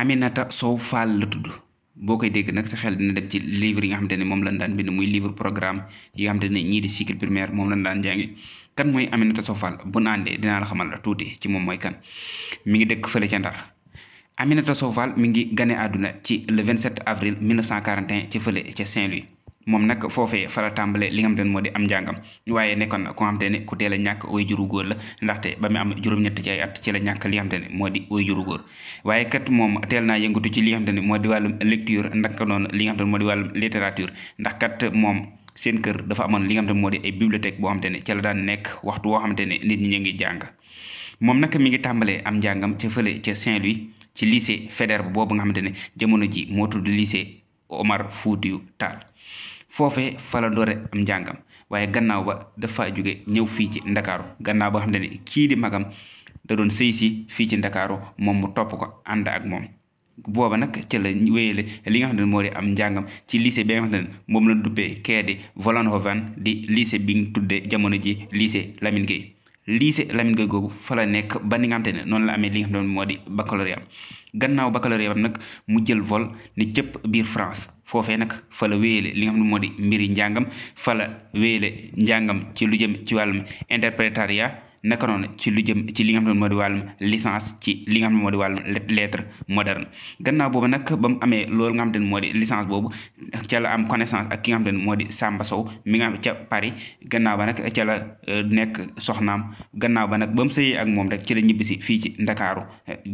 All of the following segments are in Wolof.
Aminata Sow Fall la tudd boo koy dégg nag sa xel dina dem ci livre yi nga xamante ne moom lañ daan bind muy livre programme yi nga xamante ne ñii di cycle primaire moom lañ daan jàngi kan mooy Aminata Sow Fall bu ñu dinaa la xamal la tuuti ci moom mooy kan mi ngi dëkk fële ca Ndar. Aminata Sow Fall mi ngi gane àdduna ci le 27 avril 1941 ci fële ca Saint-Louis moom nag foofee fara tàmbale li nga xamante ne moo di am njàngam waaye nekkoon ko nga xamante ne ku teel ñàkk way juru la ndaxte ba mu am juróom-ñett ci ay at ci la ñàkk li nga xamante ne moo di way juru waaye kat moom teel naa yëngatu ci li nga xamante di wàllum lecture ndaka noonu li nga xamante ne moo di wàllum ndax kat moom seen kër dafa amoon li nga xamante moo di ay bibliothèque boo xamante ne ca la daan nekk waxtu woo xamante ne nit ñi ñu ngi jàng moom nag mi ngi tàmbalee am njàngam ca fële ca Saint-Louis ci lycée Faidherbe boobu nga xamante ne jamono ji moo tudd lycée Omar Foutiou Tall foofe fa doore am njàngam waaye gannaaw ba dafa jóge ñëw fii ci ndakaaru gannaaw ba xam ne ni kii di magam da doon sëy si fii ci ndakaaru moom mu topp ko ànd ak moom booba nag ca la wéyale li nga xam ne moo di am njàngam ci lycée bi nga xam ne moom la duppee kee di Vollenhoven di lycée bi ñu tuddee jamono ji lycée Lamine Gueye lycée Lamine Gueye googu fa la nekk ba ni te ne noonu la amee li nga xam ne moo di baccalauréat gannaaw baccalauréat am nag mu jël vol ni cëpp biir France foofee nag fala la wéyale li nga xam ne moo di mbiri njàngam fala la wéyale njàngam ci lu jëm ci wàllum interprétariat naka noonu ci lu jëm ci li nga xam ne moo di wàllum licence ci li nga xam ne moo di wàllum lettre moderne gannaaw boobu nag ba mu amee loolu nga xam ne moo di lissance boobu ca la am connaissance ak ki nga xam ne moo di Samba Sow mi nga xam ca Paris gannaaw ba nag ca la euh, nekk soxnaam gannaaw ba nag ba mu sëyee ak moom rek ci la ñibbisi fii ci Ndakaaru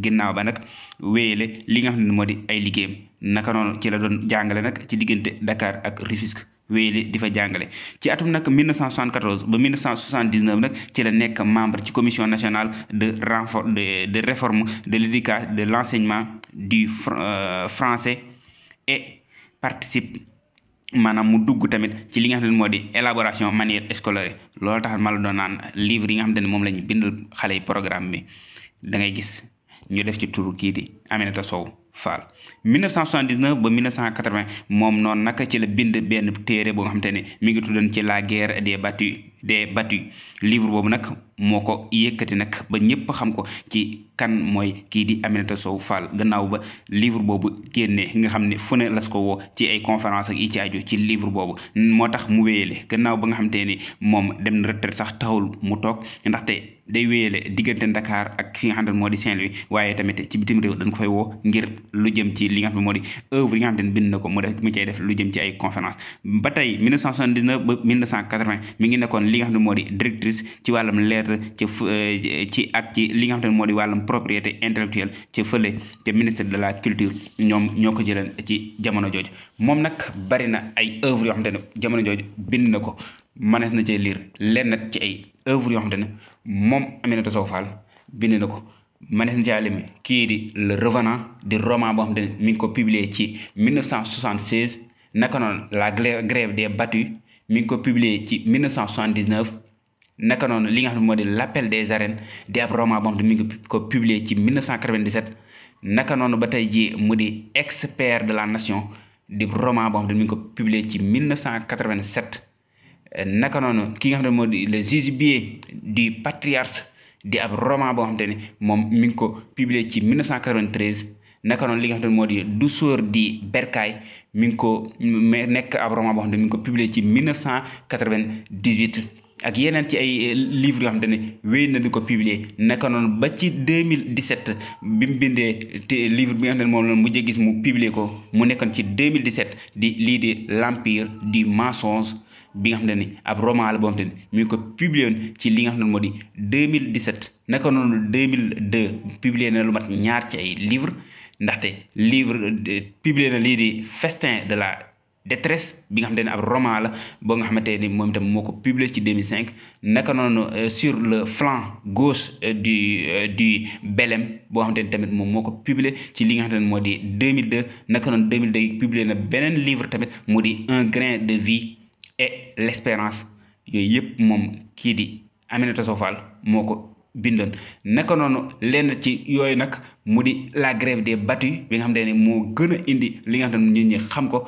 gannaaw ba nag wéyale li nga xam ne moo di ay liggéeyam naka noonu ci la doon jàngale nag ci diggante ndakaar ak Rufisque wéyale di fa jàngale ci atum nag 1974 ba 1979 nag ci la nekk membre ci commission nationale de renfor de de réforme de l'éducation de l'enseignement du euh, français et participe maanaam mu dugg tamit ci li nga xam ne moo di élaboration manière scolaire loolu tax ma doon naan livre yi nga xam ne moom la ñu bindal xale yi programme bi da ngay gis ñu def ci turu kii di Aminata Sow Fall 1979 ba cent 1980 moom noonu naka ci la bind benn téere boo nga xamante ne mi ngi tuddoon ci la guerre des battus des battus livre boobu nag moo ko yëkkati nag ba ñépp xam ko ci kan mooy kii di Aminata Sow Fall gannaaw ba livre boobu génnee nga xam ne fu ne las ko woo ci ay conférence ak i ci aju ci livre boobu moo tax mu wéyale gannaaw ba nga xam te ni moom dem na sax taxul mu toog ndaxte day wéyale diggante Dakar ak fi nga ne moo di Saint-Louis waaye tamit ci bitim réew koy woo ngir lu jëm ci li ne moo di œuvre yi na ko mu def mu cay def lu jëm ci ay conférence ba tey 1979 ba 1980 mi ngi nekkoon li nga xam ne moo di directrice ci wàllam leer lettre ca euh, ci ak ci li nga xam te ne moo di wàllum propriété intellectuelle ca fële ca ministre de la culture ñoom ñoo ko jëleen ci jamono jooju moom nag bari na ay œuvre yoo xam te ne jamono jooju bind na ko mënees na cee lire lenn ci ay œuvre yoo xam te na ko mënees na cee alimi kii di Le Revenant di roman boo xam te ne mi ngi ko publier ci 1976 naka noonu la grève des battus mi ngi ko publier ci naka noonu li nga xam ne moo di l'appel des arènes di ab roman boo xam ne mi ngi ko publier ci 1997 naka noonu ba tey jii mu di expert de la nation di roman boo xam mi ngi ko publier ci 1987 naka noonu ki nga xam ne moo di le jubilé du patriarche di ab roman boo xam te ne moom mi ngi ko publier ci 1993 naka noonu li nga xam ne moo di douceur di bercail mi ngi ko nekk ab roman boo xam ne mi ngi ko publier ci 1998 ak yeneen ci ay eh, livre yoo xam te ne wéy na di ko publier naka noonu ba ci 2017 bi mu bindee te livre bi nga xam ne moom la mujjee gis mu publier ko mu nekkoon ci 2017 di lii di l'empire du mensonge bi nga xam ne ni ab roman la boo xam te ne ci li nga xam ne moo di 2017 naka noonu 2002 publier na lu mat ñaar ci ay livres ndaxte livre eh, publier na lii di festin de la détresse bi nga xam ne ab roman la boo nga xamante ni moom itam moo ko publié ci 2005 naka noonu euh, sur le flanc gauche euh, du euh, du Belem boo xamante ni tamit moom moo ko publié ci li nga xamante ne moo di 2002 naka mil 2002 publié na beneen livre tamit mu di un grain de vie et l' espérance yooyu yëpp moom kii di Aminata Sow moo ko bindoon naka noonu lenn ci yooyu nag mu di la grève des battus bi nga xamante ne moo gën a indi li nga xamante ne nit ñi xam ko.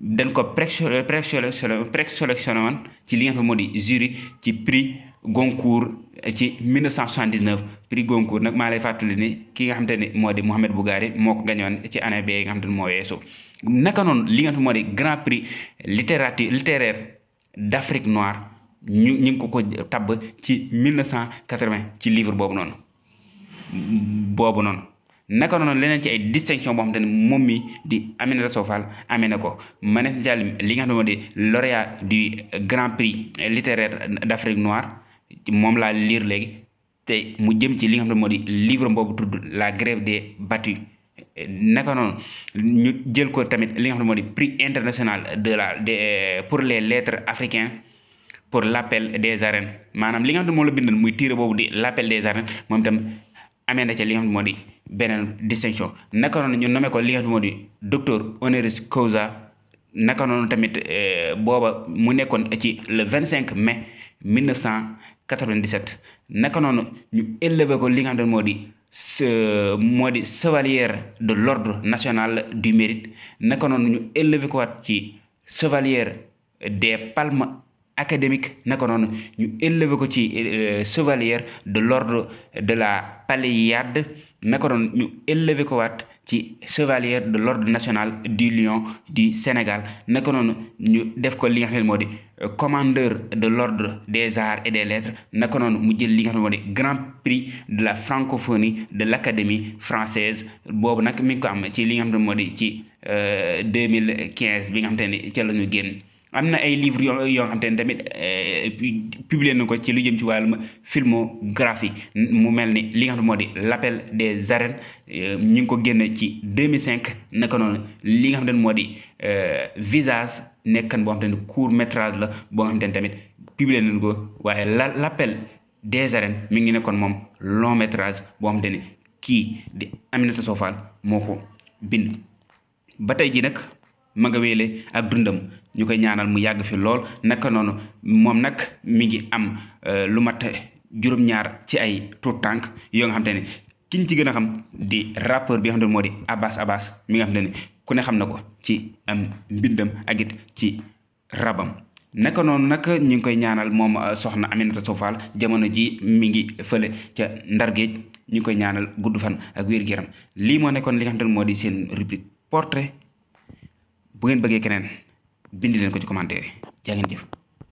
dañ ko présélectionné présélectionné woon ci li nga xam ne moo di jury ci prix Goncourt eh, ci 1979 prix Goncourt nag maa lay fàttali ni ki nga xam te ne moo di Mouhamed Bougari moo ko gañoon ci année bee nga xam te ne moo weesu naka noonu li nga xam moo di grand prix littérature littéraire d'Afrique noir ñu ñu ngi ko ko tabb ci 1980 ci livre boobu noonu boobu noonu naka noonu leneen ci ay distinction boo xam moom mi di Aminata Sow Fall amee na ko Manes Diallo li nga xam ne moo di lauréat du grand prix littéraire d'Afrique moom laa liir léegi te mu jëm ci li nga xam ne moo di livre boobu tudd la grève des battus naka noonu ñu jël ko tamit li nga xam ne di prix international de la de pour les lettres africains pour l'appel des arènes maanaam li nga xam ne moom la bindal muy tiire boobu di l'appel des arènes moom itam amee na ci li nga xam ne moo di beneen distinction naka noonu ñu nommé ko li nga xam moo di docteur honoris causa naka noonu tamit eh, booba mu nekkoon ci le vingt cinq mai mille neuf cent quatre vingt naka noonu ñu élevé ko li moo di moo di chevalier de l'ordre national du mérite naka noonu ñu élevé ko waat ci chevalier des palmes académique naka noonu ñu élevé ko ci euh, chevalier de l'ordre de la Paléiade naka noonu ñu élevé ko waat ci chevalier de l'ordre nationale du Lion du Sénégal naka noonu ñu def ko li nga xam ne moo di euh, commandeur de l'ordre des arts et des lettres naka noonu mu jël li nga xam ne moo di grand prix de la francophonie de l'académie française boobu nag min ko am ci li nga xam ne moo di ci 2015 euh, bi nga xam te ne ca la ñu génn am na ay livres yoo yoo xam te ne tamit eh, publié na ko ci lu jëm ci wàllum filmographie mu mel ni li nga xam ne moo di l'appel des arènes eh, ñu ngi ko génne ci 2005 naka noonu li nga xam ne moo di eh, visage nekkan boo xam te ne court métrage la boo nga xam te ne tamit publié nañ ko waaye la l'appel des arènes mi ngi nekkoon moom long métrage boo xam te ne kii di Aminata Sofal moo ko bind ba tey ji nag ma nga wéele ak dundam ñu koy ñaanal mu yàgg fi lool naka noonu moom nag mi ngi am euh, lu matt juróom-ñaar ci ay tuut tànk yoo nga xam te ne kiñ ci gën a xam di rappeur bi nga xam moo di Abbas mi nga xam te ne ku ne xam na ko ci am mbindam ak it ci rabam naka noonu nag ñu ngi koy ñaanal moom euh, soxna Aminata Sow Fall jamono ji mi ngi fële ca Ndar Géej ñu ngi koy ñaanal gudd fan ak wér-gu-yaram lii moo nekkoon li nga xam te ne moo di seen rubrique portrait bu ngeen bëggee keneen bind leen ko ci commentaire yi jaa ngeen jëf